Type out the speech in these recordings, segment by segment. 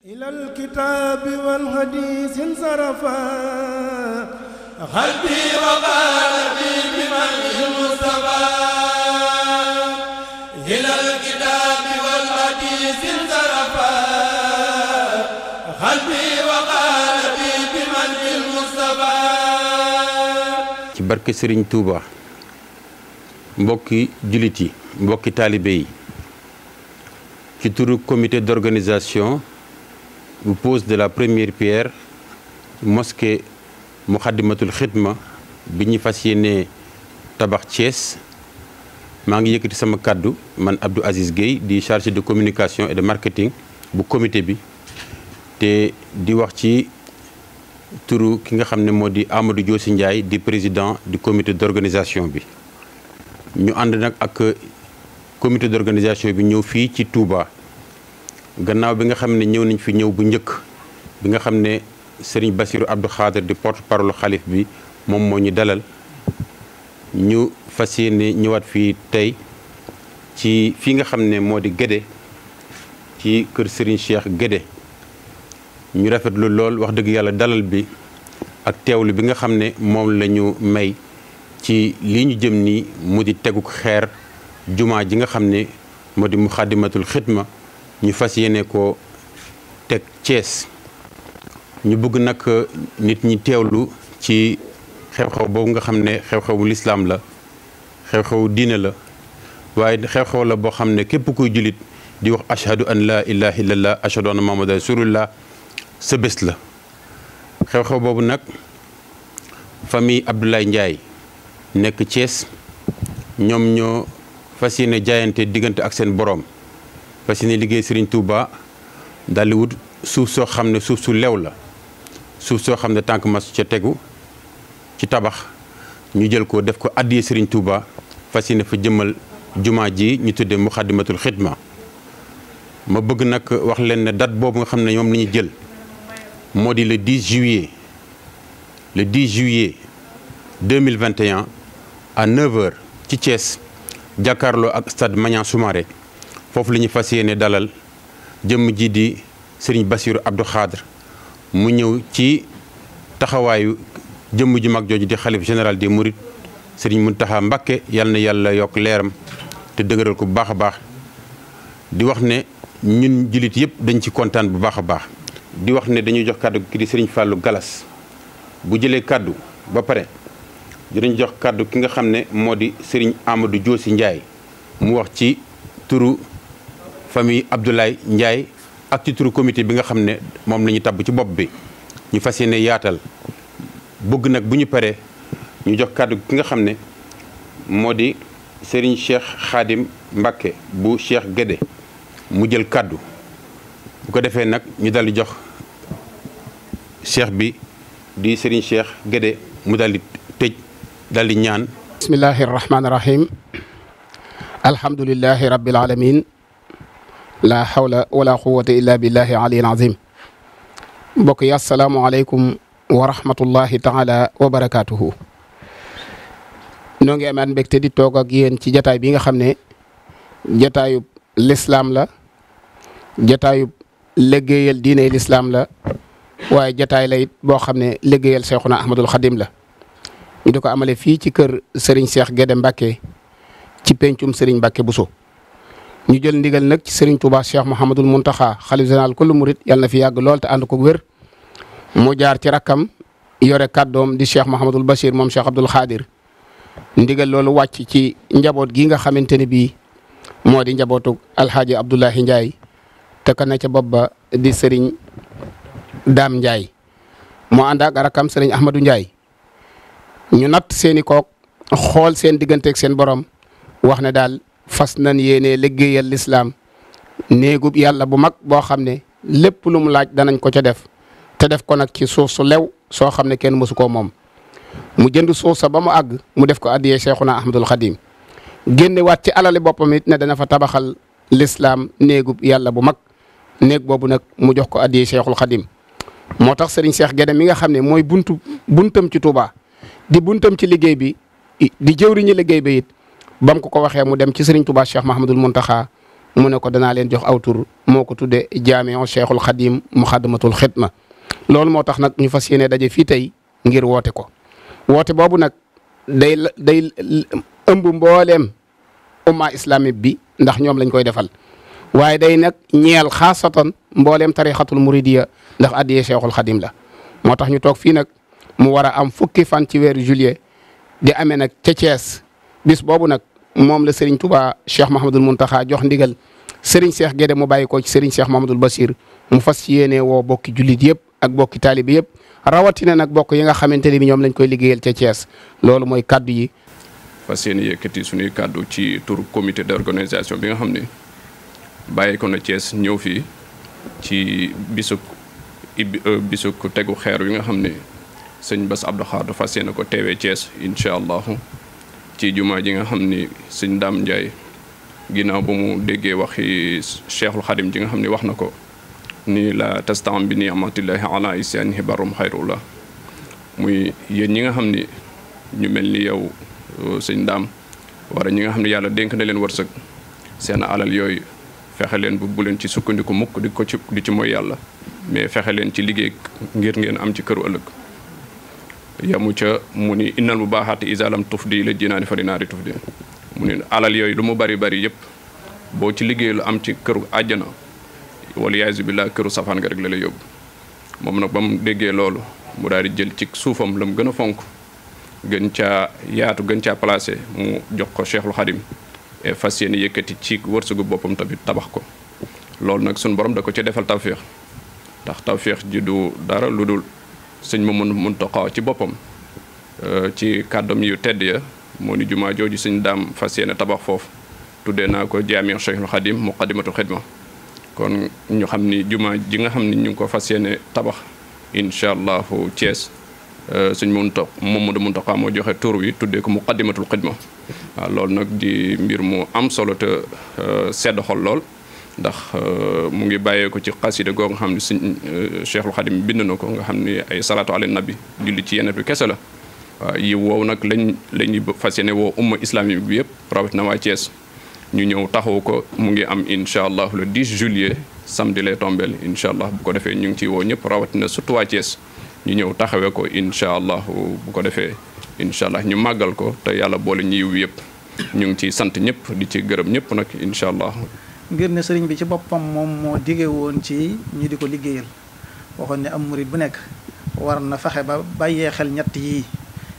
إلى الكتاب والحديث انصرفا قلبي وقلبي بمنه المصطفى إلى الكتاب والحديث انصرفا قلبي وقلبي بمنه المصطفى ci barke Serigne Touba mbokki jullit yi mbokki taalibe yi ci turu comité d'organisation bu pose de la première pierre mosquée Moukhaddamatoul Khidma bi ñu fas yéenee tabax cees maa ngi yëkkati sama kàddu man Abdou Aziz Guèye di chargé de communication et de marketing bu comité bi te di wax ci turu ki nga xam ne moo di Amadou Diossi Ndiaye di président du comité d'organisation bi ñu ànd nag ak comité d'organisation bi ñëw fii ci Touba gannaaw bi nga xam ne ñëw nañ fi ñëw bu njëkk bi nga xam ne sëriñ Bassirou Abdou Khader di porte parole xalif bi moom moo ñu dalal ñu fas yéene ñëwaat fii tey ci fi nga xam ne moo di Guédé ci kër sëriñ Cheikh Guédé ñu rafetlu lool wax dëgg yàlla dalal bi ak teewlu bi nga xam ne moom lañu may ci lii ñu jëm nii mu di teguk xeer jumaa ji nga xam ne moo di muxaddamatul xidma ñu fas yéene ko teg cees ñu bëgg nag euh, nit ñi teewlu ci xew-xew boobu nga xam ne xew-xewu lislaam la xew-xewu diine la waaye xew-xew la boo xam ne képp kuy jullit di wax ashhadu an laa ilaha illallah ashhadu anna muhammadan rasulullah sa bés la xew-xew boobu nag famille Abdoulaye Ndiaye nekk Thiès ñoom ñoo fas yéene jaayante diggante ak seen boroom parce que ne liggéey Serigne Touba daal suuf soo xam ne suuf su lew la suuf soo xam ne tànk mas ca tegu ci tabax ñu jël ko def ko addiyee Serigne Touba fas yéene fa jëmmal jumaa ji ñu tuddee Muxaddamatul Xidma ma bëgg nag wax leen ne date boobu nga xam ne ñoom la ñu jël moo di le 10 juillet le 10 juillet 2021 à 9h ci Thiès jàkkaarloo ak stade Maniang Soumaré foofu la ñu fas yéene dalal jëmm ji di sëriñ basiiru Abdou mu ñëw ci taxawaayu jëmm ju mag jooju di xalif général di Mourides sëriñ Mountakha Mbacké yal na yàlla yokk leeram te dëgëral ko bu baax a baax di wax ne ñun jullit yëpp dañ ci kontaan bu baax a baax di wax ne dañuy jox kàddu ki di sëriñ Fallou Galas bu jëlee kàddu ba pare dinañ jox kàddu ki nga xam ne moo di sëriñ amadu Diosi Ndiaye mu wax ci turu famille Abdoulaye Ndiaye ak ci turu comité bi nga xam ne moom la ñu tabb ci bopp bi ñu fas yéene yaatal bëgg nag bu ñu paree ñu jox kàddu ki nga xam ne moo di sëriñ Cheikh Khadim Mbacké bu Cheikh Guédé mu jël kàddu bu ko defee nag ñu dal di jox cheikh bi di sëriñ Cheikh Guédé mu dal di tëj dal di ñaan bismillahi rahmaani rahim alhamdulillahi rabbil alamin laa xawla wala quwata illa billahi aliyil azim mbokk yi asalaamualeykum wa rahmatullahi taala wa barakaatuhu noo ngi amaat mbégte di toog ak ci jataay bi nga xam ne jataayub lislaam la jataayub liggéeyal diine lislaam la waaye jataay la it boo xam ne liggéeyal Seexuna Ahmadul Xadim la ñu di ko amale fii ci kër Serigne Cheikh Guédé Mbacke ci pencum Serigne Mbacke Bousso ñu jël ndigal nag ci sëriñ Touba Cheikh Mouhamadul Mountakha xalif général kullu murit yàlla na fi yàgg lool te and ko wér mu jaar ci rakkam yore kàddoom di Cheikh Mouhamadul Bachir moom Cheikh Abdoul Khadir ndigal loolu wàcc ci njaboot gi nga xamante ni bii moo di njabootu Alhaji Abdoulahi Ndiaye te ka ne ca bopp ba di sëriñ Dame njaay moo ànd ak rakkam sëriñ Ahmadou Ndiaye ñu natt seen i kook xool seen digganteeg seen borom wax ne daal. fas nan yéenee liggéeyal lislaam néegub yàlla bu mag boo xam ne lépp lu mu laaj danañ ko ca def te def ko nag ci suuf su lew soo xam ne kenn mësu koo moom mu jënd suuf sa ba mu àgg mu def ko addiyee Cheikhuna Ahmadul Xadim génne waat ci alali boppam it ne dana fa tabaxal lislaam néegub yàlla bu mag néeg boobu nag mu jox ko addiyee Cheikhul Xadim moo tax Serigne Cheikh Guédé mi nga xam ne mooy buntu buntam ci Touba di buntam ci liggéey bi di jëwriñu liggéey bi it ba mu ko ko waxee mu dem ci sëriñ Touba Cheikh Mahamadul Muntaxa mu ne ko danaa leen jox aw tur moo ko tuddee jaamiu Cheikhul Xadim Muxaddamatul Xidma loolu moo tax nag ñu fas yéene daje fii tey ngir woote ko woote boobu nag day day ëmb mbooleem umma islamique bi ndax ñoom lañ koy defal waaye day nag ñeel xaasatan mboolem tarixatul muridiya ndax addiyee Cheikhul Xadim la moo tax ñu toog fii nag mu war a am fukki fan ci weeru juillet di amee nag ca bis boobu nag moom la Serigne Touba Cheikh mun Muntaxa jox ndigal Serigne Cheikh Guédé mu bàyyi ko ci Serigne Cheikh Mahamadul Basir mu fas yéene woo bokki jullit yëpp ak bokki taalibi yëpp rawatina nag bokk yi nga xamante ne bi ñoom lañ koy liggéeyal ca Thiès loolu mooy kaddu yi. fas yéene yëkkati suñuy kaddu ci turu de d'organisation bi nga xam ne bàyyi ko na Thiès ñëw fii ci bisuk euh, bisuk tegu xeer wi nga xam ne sëñ Bass Abdou Khadre fas yéene ko teewee Thiès incha allah. ci jumaa ji nga xam ni sëñ Daam Njaay ginnaaw ba mu déggee waxi Cheikhul Xadim ji nga xam ni wax na ko ni la tastaan bi ni ni'matillahi ala isyaanihi barum xayrullah muy yéen ñi nga xam ni ñu mel ni yow sëñ Daam wara ñi nga xam ne yàlla denk na leen wërsëg seen alal yooyu fexe leen bu bu leen ci sukkandiku mukk di ko ci di ci mooy yàlla mais fexe leen ci liggéey ngir ngeen am ci këru ëllëg yamu ca mu ni innal mu baaxaati isalam tuf di la jinaani fa dinaari tuf di mu ni alal yooyu lu mu bari bari yëpp boo ci liggéey lu am ci këru àjjana wala yaasu billah këru safaan nga rek la lay yóbbu moom nag ba mu déggee loolu mu daal di jël ci suufam la mu gën a fonk gën ca yaatu gën caa placé mu jox ko Cheikhul Khadim et fas yéene yëkkati ci wërsëgu boppam tamit tabax ko loolu nag suñu borom da ko ci defal tawféex ndax tawféex ji du dara lu dul sëñ Mamadou Mountakha ci boppam euh, ci kàddoom yu tedd ya moo ni jumaa jooju sëñ daam fas yéene tabax foofu tuddee naa ko jaami Cheikhul Khadim muqaddimatu xidma kon ñu xam ni jumaa ji nga xam ni ñu ngi ko fas yéene tabax incha allahu Thiès euh, sëñ Mountakha Mamadou Mountakha moo joxe tur wi tuddee ko muqaddimatul xidma waa loolu nag di mbir mu am solo te euh, sedd xol lool ndax euh, mu ngi bàyyee ci xasida goo nga xam ne suñ euh, Cheikhul Xadim bind na ko nga xam ne ay salaatu ala nabi julli ci yeneen bi kese la waaw yi woow nag lañ lañuy fas yéene woo umma islamique bi yëpp rawat na waa Thiès ñu ñëw taxaw ko mu ngi am incha allah le 10 juillet samedi lay tombeel incha allah bu ko defee ñu ngi ciy woo ñëpp rawatina surtout waa Thiès ñu ñëw taxawee ko incha allah bu ko defee incha allah ñu màggal ko te yàlla boole ñu yiw yëpp ñu ngi ciy sant ñëpp di ci gërëm ñëpp nag incha allah ngir ne sëriñ bi ci boppam moom moo dige woon ci ñu di ko liggéeyal waxoon ne am murit bu nekk war na fexe ba bàyyee xel ñett yii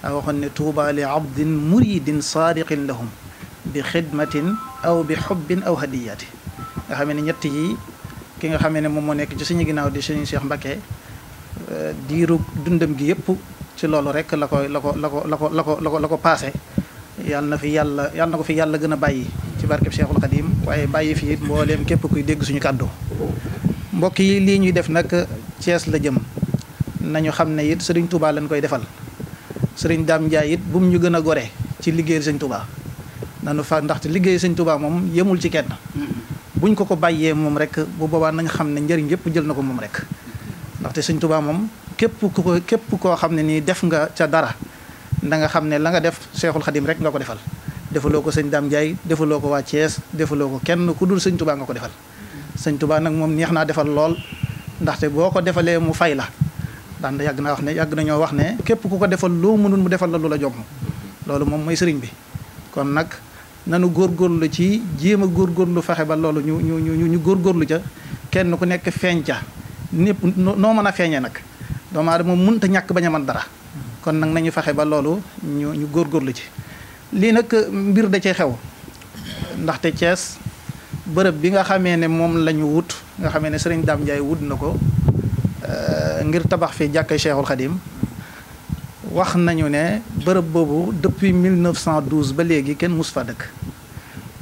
waxoon ne tuuba li abdin muridin saadiqin lahum bi xidmatin aw bi xubbin aw hadiyati nga xamee ne ñett yi ki nga xamee ne moom moo nekk ci suñu ginnaaw di suñu Cheikh Mbacké eh, diiru dundam gi yëpp ci loolu rek la ko la ko la ko la ko la ko la ko paase yàlla na fi yàlla yàlla na ko fi yàlla gën a bàyyi ci barkeb Cheikhul Xadim waaye bàyyi fi mbooleem képp kuy dégg suñu kàddu mbokk yi lii ñuy def nag Cees la jëm nañu xam ne it sëriñ Touba lañu koy defal sëriñ daam Ndiaye it bu mu ñu gën a gore ci liggéey sañ Touba nanu fa ndaxte liggéey sañ Touba moom yemul ci kenn buñ ko ko bàyyee moom rek bu boobaat nañ xam ne njëriñ yëpp jël na ko moom rek ndaxte sëñ Touba moom képp ko képp koo xam ne nii def nga ca dara na nga xam ne la nga def Seexul Xadim rek nga ko defal defaloo ko sëñ daam Ndiaye defaloo ko waa Thiès defaloo ko kenn ku dul sëñ Touba nga ko defal sëñ Touba nag moom neex naa defal lool ndaxte boo ko defalee mu fay la daan yàgg naa wax ne yàgg nañoo wax ne képp ku ko defal loo mënul mu defal la lu la jomm loolu moom mooy sëriñ bi kon nag nanu góor góorgóorlu ci jéem a góorlu fexe ba loolu ñu ñu ñu ñu góorgóorlu ca kenn ku nekk feeñ ca népp noo mën a feeñee nag doomu aadama mënta ñàkk bañ a man dara kon nag nañu fexe ba loolu ñu ñu góorgóorlu ci lii nag euh, mbir da cee xew ndaxte cees bërëb bi nga xamee ne moom la ñu wut nga xamee ne sëriñ Dame Ndiaye wut na ko euh, ngir tabax fi jàkkay Cheikhul Khadim wax nañu ne bërëb boobu depuis 1912 ba léegi kenn mus faa dëkk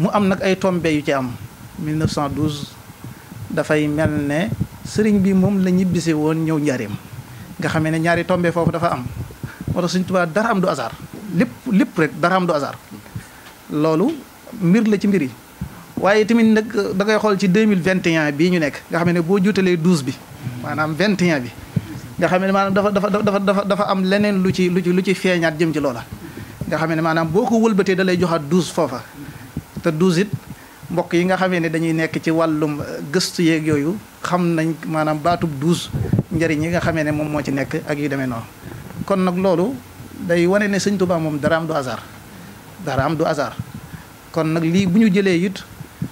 mu am nag ay tombe yu ci am 1912 dafay mel ne sëriñ bi moom la ñibbisi woon ñëw njaareem nga xamee ne ñaari tombe foofu dafa am moo tax Sëriñ Tuubaa dara am du hasard lépp lépp rek dara am doo hasard loolu mbir la ci mbir yi waaye tamit nag euh, da ngay xool ci deux mille vingt et un bii ñu nekk nga xam ne boo jutalee douze bi maanaam vingt et bi nga xam ne maanaam dafa dafa dafa dafa dafa am leneen lu ci lu ci lu ci feeñaat jëm ci loola. nga xam ne maanaam boo ko wëlbatee dalay lay joxaat douze foofa te douze it mbokk yi nga xamee ne dañuy nekk ci wàllum euh, gëstu yeeg yooyu xam nañ maanaam baatub douse njëriñ yi nga xamee ne moom moo ci nekk ak yu demee noonu kon nag loolu. day wane ne sëñ Tuubaa moom dara am du hasard dara am du hasard kon nag lii bu ñu jëlee it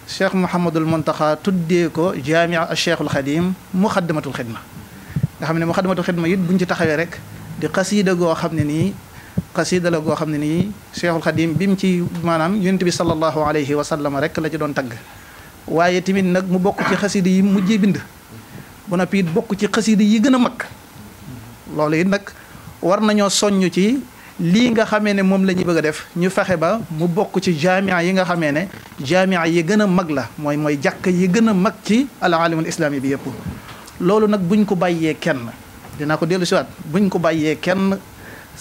cheikh Mouhamadul Mountakha tuddee ko jaamia ak cheikhul xadim muxaddamatul xidma nga xam ne muxaddamatul xidma it buñ ci taxawee rek di xasiida goo xam ne nii xasiida la goo xam ne nii cheikhul xadim bi mu ci maanaam yonent bi sallallahu alayhi wa sallam rek la ci doon tagg waaye tamit nag mu bokk ci xasiida yi mujjee bind ba noppi bokk ci xasiida yi gën a mag loolu nag war nañoo soññ ci lii nga xamee ne moom la bëgg a def ñu fexe ba mu bokk ci jaamia yi nga xamee ne jaamia yi gën a mag la mooy mooy jàkk yi gën a mag ci al aalamul islaami bi yëpp loolu nag buñ ko bàyyee kenn dinaa ko dellu siwaat buñ ko bàyyee kenn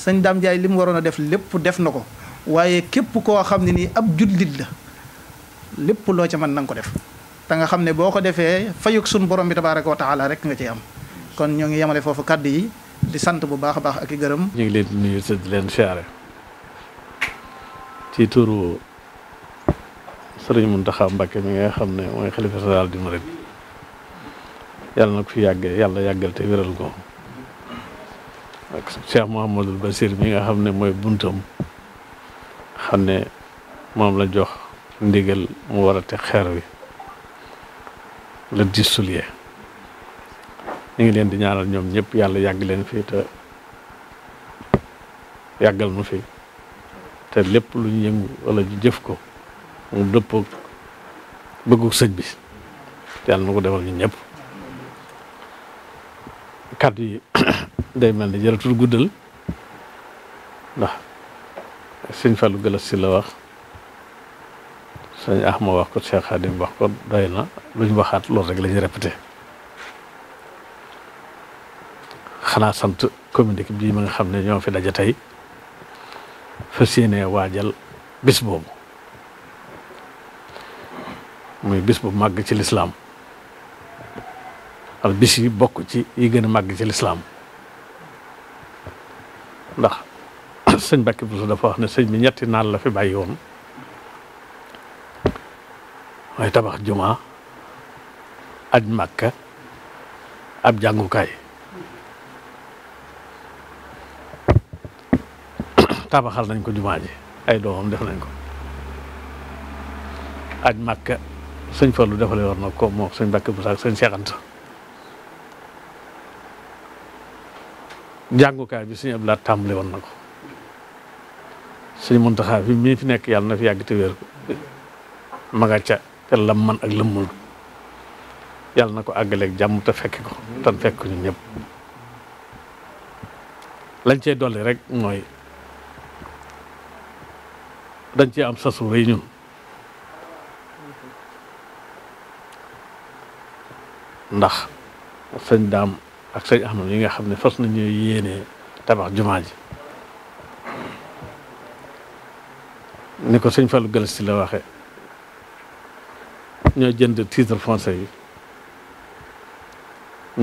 sëñ Daam Jaay li mu waroon a def lépp def na ko waaye képp koo xam ne nii ab jullit la lépp loo ca mën na ko def te nga xam ne boo ko defee fayuk sunu borom bi tabaaraka wa taala rek nga ciy am kon ñoo ngi yemale foofu kàddu yi di sant bu baax a baax ak i gërëm. ñu ngi leen di nuyu leen siyaare ci turu sëriñ Mountakha Mbacké mi nga xam ne mooy xalifa général di murid yàlla na ko fi yàggee yàlla yàggal te wéral ko ak Cheikh Mouhamadul Basir mi nga xam ne mooy buntam xam ne moom la jox ndigal mu war a teg xeer wi le 10 ñu ngi leen di ñaanal ñoom ñëpp yàlla yàgg leen fii te yàggal ma fi te lépp lu ñu yëngu wala ñu jëf ko mu dëppook bëggu sëj bi yàlla na ko defal ñu ñëpp kàddu yi day mel ni jërëtul guddal ndax sëñ Fallou Galass si la wax sëñ Axma wax ko Cheikh Khadim wax ko doy na lu ñu waxaat loolu rek la ñu xanaa sant communiqué bii ma nga xam ne ñoo fi daje tey fas yéene waajal bis boobu muy bis bu màgg ci lislaam ak bis yi bokk ci yi gën a màgg ci lislaam ndax sëñ Bakki Bousso dafa wax ne sëñ bi ñetti naan la fi bàyyi woon waaye tabax jumaa aj màkka ab jàngukaay tabaxal nañ ko jumaa ji ay doomam def nañ ko aj màkka sëñ Fallu defale war na ko moom sëñ Mbàkke bu saak sëñ Seexanta jàngukaay bi sëñ Abdulaat tàmbali woon na ko sëñ Muntaxa bi mii fi nekk yàlla na fi yàgg te wér ma nga te lam man ak lëmmul yàlla na ko àggaleeg jàmm te fekk ko tan fekk ñun ñëpp lañ cey dolli rek mooy dañ ci am sasu rëy ñun ndax sëñ daam ak sëñ Ahmad yi nga xam ne fas nañu yéene tabax jumaa ji ni ko sëñ Fallou Galas si la waxee ñoo jënd titre foncier yi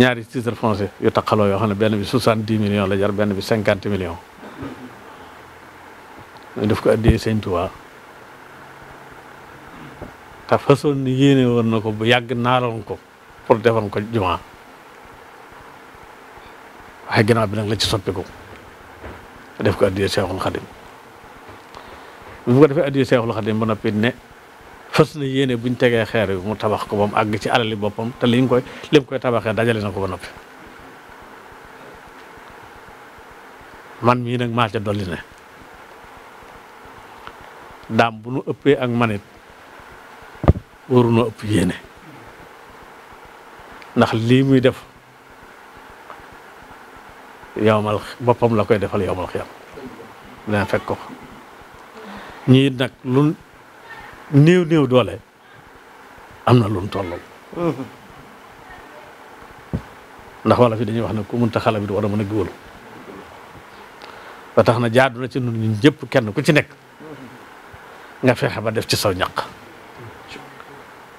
ñaari titre foncier yu taqaloo yoo xam ne benn bi soixante-dix millions la jar benn bi cinquante million def ko addee sëñ Tuubaa te façon ni yéene woon na ko bu yàgg naaloon ko pour defan ko jumaa waaye gannaaw bi nag la ci soppiku def ko addee Seexul Xadim bu mu ko defee addee Seexul Xadim ba noppi ne fas na yéene buñ tegee xeer bi mu tabax ko boom mu àgg ci alali boppam te liñ koy lim koy tabaxee dajale na ko ba noppi man mii nag maa ca dolli daam bu nu ëppee ak manit warunoo ëpp yéene ndax lii muy def yowmal boppam la koy defal yowmal xiyam dana fekk ko ñii nag lu néew néew doole am na lun tollol ndax wala fi dañuy wax ne ku munta xala bit war a mën a giwal tax na jaadu na ci nun ñun jëpp kenn ku ci nekk nga fexe ba def ci saw ñaq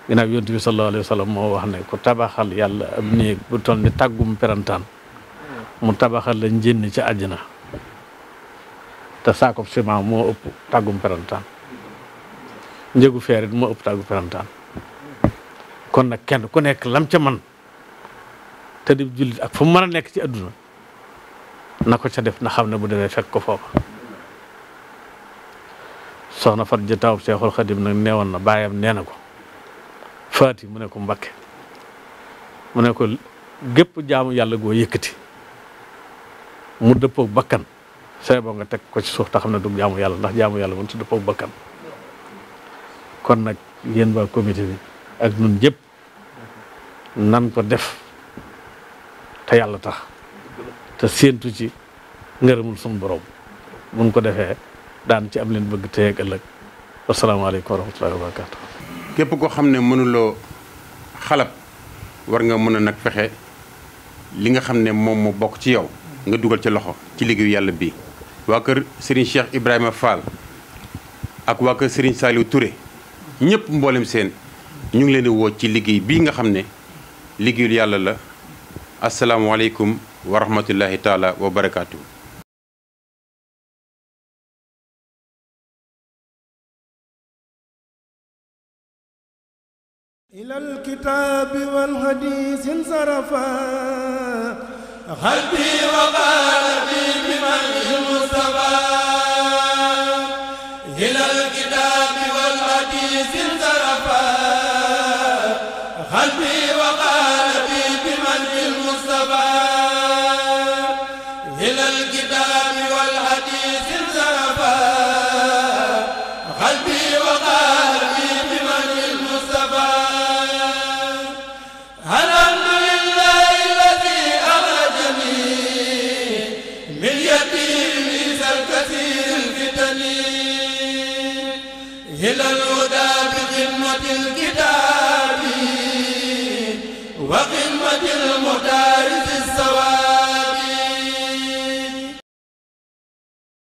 ginnaaw yonent bi sallallahu alayhi wa sallam moo wax ne ku tabaxal yàlla ab néeg bu toll ni tàggum perantaan mu tabaxal la njënn ci àjjana te saakob ciment moo ëpp tàggum perantaan njëgu feer moo ëpp tàggu perantaan kon nag kenn ku nekk lam ca man te di jullit ak fu mu mën a nekk ci àdduna na ko ca def na xam ne bu demee fekk ko foofa soxna fat ja taw Seexul Xadim nag woon na baayam nee na ko faati mu ne ko mbakke mu ne ko gépp jaamu yàlla goo yëkkati mu dëppoog bakkan say boo nga teg ko ci suuf te xam ne du jaamu yàlla ndax jaamu yàlla mun si dëppoog bakkan kon nag yéen waa comité bi ak nun jëpp nan ko def te yàlla tax te séentu ci ngërëmul suñu borom buñ ko defee daan ci am leen bëgg tey ak ëllëg asalaamaaleykum wa rahmatullahi wa barakaatu. képp koo xam ne mënuloo xalab war nga mën na nag fexe li nga xam ne moom mu bokk ci yow nga dugal ci loxo ci liggéeyu yàlla bi waa kër Serigne Cheikh Ibrahima Fall ak waa kër Serigne Saliou Touré ñëpp mboolem seen ñu ngi leen di woo ci liggéey bii nga xam ne liggéeyul yàlla la asalaamualeykum wa rahmatullahi taala wa barakaatu. إلى الكتاب والحديث انصرفا قلبي وقلبي بمن المصطفى إلى الكتاب والحديث انصرفا قلبي وقلبي بمن المصطفى إلى الكتاب والحديث انصرفا